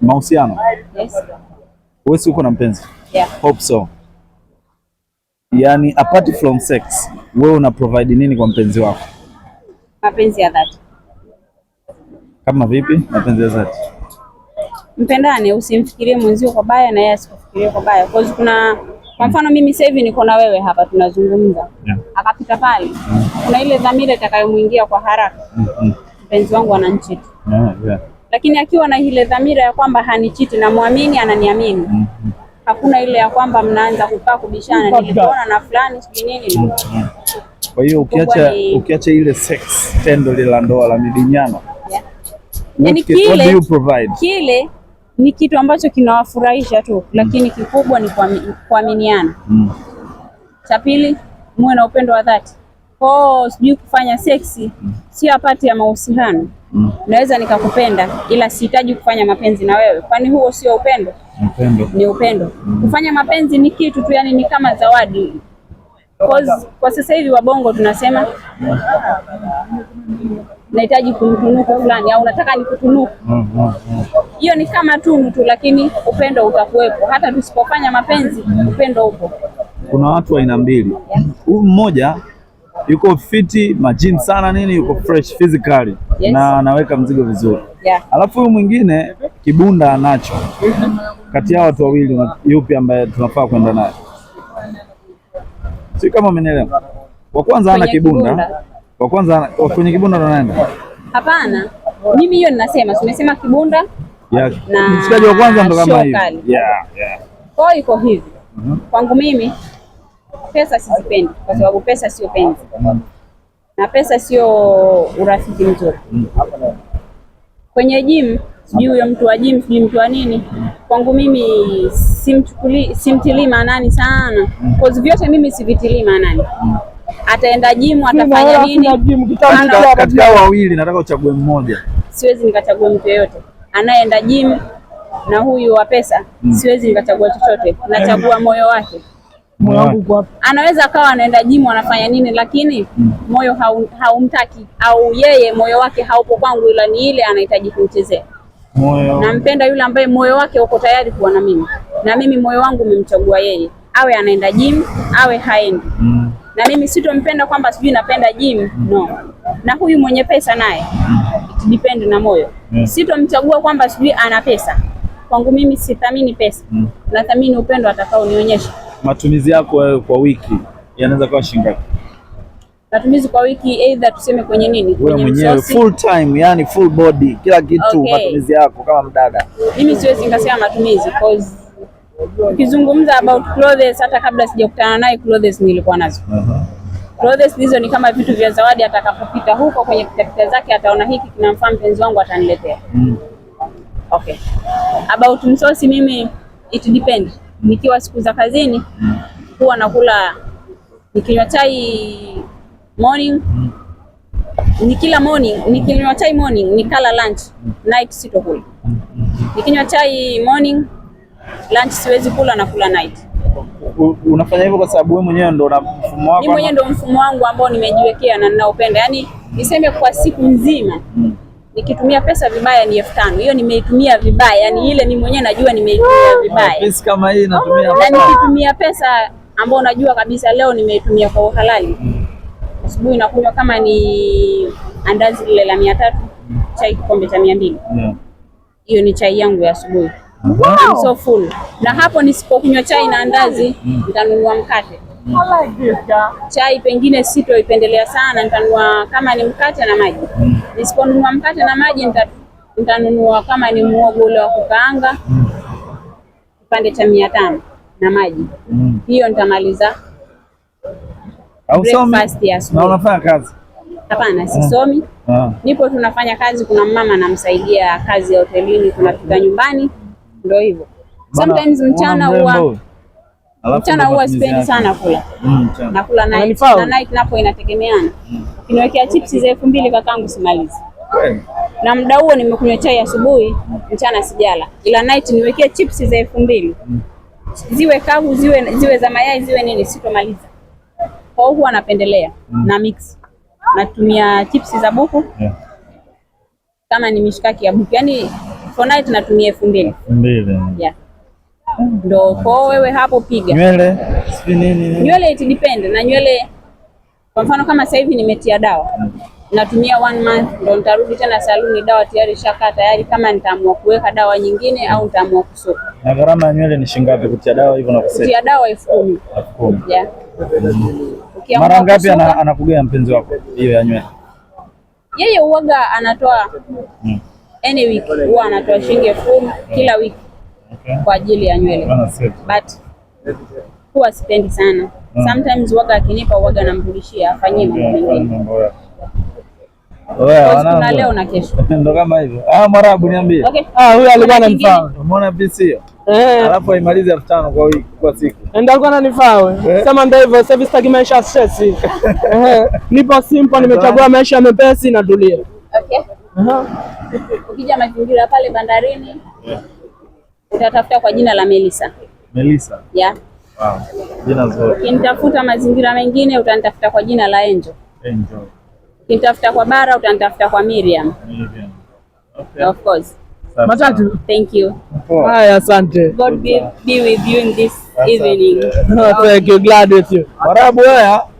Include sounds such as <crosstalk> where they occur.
mahusiano yes. Wewe uko na mpenzi yeah. Hope so. Yani, apart from sex, wewe una provide nini kwa mpenzi wako? Mapenzi ya dhati. Kama vipi mapenzi ya dhati? Mpendane, usimfikirie mwenzio kwa baya na yeye asikufikirie kwa baya, kwa kuna kwa mfano mimi sasa hivi niko na wewe hapa tunazungumza, yeah. Akapita pale, mm. Kuna ile dhamira itakayomwingia kwa haraka, mm-hmm. mpenzi mm -hmm. wangu ananchi yeah, yeah lakini akiwa na ile dhamira ya kwamba hanichiti, namwamini, ananiamini mm -hmm. Hakuna ile ya kwamba mnaanza kukaa kubishana, nilikuona na fulani sijui nini mm -hmm. Kwa hiyo ukiacha ni... ukiacha ile sex tendo lile la ndoa la midinyano yeah. Yaani kile, kile ni kitu ambacho kinawafurahisha tu mm Lakini kikubwa ni kuaminiana mm Cha pili muwe na upendo wa dhati, oh, sijui kufanya seksi mm mm-hmm. Si apati ya mahusiano mm. naweza nikakupenda ila sihitaji kufanya mapenzi na wewe, kwani huo sio upendo? Upendo ni upendo mm. kufanya mapenzi ni kitu tu, yani ni kama zawadi. Kwa sasa hivi wabongo tunasema mm. nahitaji kumtunuku fulani au nataka nikutunuku hiyo mm, mm, mm. ni kama tunu tu, lakini upendo utakuwepo hata tusipofanya mapenzi mm. upendo upo. Kuna watu aina mbili, huyu yeah. mmoja yuko fiti majini sana nini, yuko fresh physically yes. na anaweka mzigo vizuri yeah. Alafu huyu mwingine Kibunda anacho kati ya watu wawili, yupi ambaye tunafaa kwenda naye? Si kama umenielewa? Wa kwanza ana Kibunda, wa kwanza kwenye Kibunda ndo anaenda. Hapana, mimi hiyo ninasema, tumesema Kibunda yeah. na mshikaji wa kwanza ndo kama hiyo yeah, yeah. kwa iko hivi mhm. kwangu mimi Pesa sizipendi kwa sababu pesa sio penzi na pesa sio urafiki mzuri. Kwenye gym, sijui huyo mtu wa gym, sijui mtu wa nini, kwangu mimi simchukulii, simtilii maanani sana, sababu vyote mimi sivitilii maanani. Ataenda gym, atafanya nini? Kati yao wawili nataka uchague mmoja, siwezi nikachagua mtu yeyote anayeenda gym na huyu wa pesa, mm. siwezi nikachagua chochote, nachagua moyo wake moyo wangu Anaweza akawa anaenda jimu anafanya nini, lakini mm. moyo haumtaki haumtaki au yeye moyo wake haupo kwangu, ila ni ile anahitaji kumchezea moyo. Nampenda yule ambaye moyo wake uko tayari kuwa na mimi, na mimi moyo wangu umemchagua yeye, awe anaenda jimu awe haendi mm. na mimi sitompenda kwamba sijui napenda jimu hmm. no. Na huyu mwenye pesa naye hmm. depend na moyo yeah. Hmm. Sitomchagua kwamba sijui ana pesa, kwangu mimi sithamini pesa mm. Nathamini upendo atakaonionyesha matumizi yako wewe kwa wiki yanaweza kuwa shilingi ngapi? Matumizi kwa wiki either tuseme kwenye nini? Wewe mwenyewe full time, yani full body, kila kitu okay. Matumizi yako kama mdada, mimi siwezi nikasema matumizi cause ukizungumza about clothes, hata kabla sijakutana naye clothes nilikuwa nazo uh -huh. Clothes hizo ni kama vitu vya zawadi, atakapopita huko kwenye pitapita zake ataona hiki kinamfaa mpenzi wangu ataniletea. mm. Okay. About msosi mimi it depends nikiwa siku za kazini huwa nakula nikinywa chai morning, nikila morning, nikinywa chai morning, kala lunch, night sitokula. Nikinywa chai morning, lunch siwezi kula, kula night. Unafanya hivyo kwa sababu wewe mwenyewe ndo una mfumo wako? Mimi mwenyewe ndo mfumo wangu ambao nimejiwekea na ninaupenda, yaani niseme kwa siku nzima mm nikitumia pesa vibaya ni elfu tano. Hiyo nimeitumia vibaya, yani ile mimi mwenyewe najua nimeitumia vibaya. Pesa kama hii natumia na nikitumia pesa ambayo najua kabisa leo nimeitumia kwa uhalali, asubuhi nakunywa kama ni andazi lile la mia tatu, chai kikombe cha mia mbili, hiyo ni chai yangu ya asubuhi. Wow. So full. Na hapo nisipokunywa chai na andazi mm. nitanunua mkate Mm. Chai pengine sitoipendelea sana, nitanunua kama ni mkate na maji. Mm. Nisiponunua mkate na maji, nitanunua kama ni muogo ule wa kukaanga mm. kipande cha mia tano na maji mm. Hiyo nitamaliza breakfast ya asubuhi. Na unafanya kazi? Hapana, sisomi ah. Nipo tunafanya kazi, kuna mama anamsaidia kazi ya hotelini, tunafika nyumbani, ndio hivyo. Sometimes mchana huwa Mchana huwa sipendi sana kula mm, nakula na night na night napo inategemeana. Mm. Ukiniwekea mm. chips za elfu mbili kakangu simalizi okay. Na muda huo nimekunywa chai asubuhi, mchana sijala, ila night niwekea chips za elfu mbili mm. ziwe kavu ziwe, ziwe za mayai ziwe nini, sitomaliza. Kwa hiyo huwa napendelea mm. na mix natumia chips za buku yeah. Kama ni mishikaki ya buku, yani for night natumia elfu mbili yeah ndo kwao wewe hapo piga nywele sijui nini. Nywele it depend na nywele, kwa mfano kama sasa hivi nimetia dawa natumia one month ndo nitarudi tena saluni, dawa tayari shaka tayari, kama nitaamua kuweka dawa nyingine au nitaamua kusuka. Na gharama ya nywele ni shilingi ngapi kutia dawa hivyo na kusuka Kutia dawa elfu kumi. Yeah. Mara ngapi anakugea mpenzi wako hiyo ya nywele? Yeye uoga anatoa mm. any week huwa anatoa shilingi elfu kumi kila wiki okay. kwa ajili ya nywele but huwa sipendi sana mm. sometimes waga akinipa waga namrudishia afanyie mambo mengine leo na kesho <laughs> ndo kama hivyo. Ah, Mwarabu niambie ah, huyo alikuwa ananifaa, umeona PC eh. alafu aimalize elfu tano kwa wiki kwa siku eh, ndio alikuwa ananifaa wewe. Eh? Sema ndio hivyo, sasa hivi sitaki maisha ya stress. <laughs> Nipo simple, nimechagua maisha mepesi na tulia. Okay. Ukija mazingira pale bandarini nitatafuta kwa jina la Melissa. Melissa. Yeah. Wow. Jina zuri. Ukinitafuta mazingira mengine utanitafuta kwa jina la Angel. Angel. Ukinitafuta kwa bara utanitafuta kwa Miriam. Miriam. Okay. Of course. Matatu. Thank you. Haya, asante. God be, be with you in this evening. <laughs> thank you. Glad with you. Marabu haya.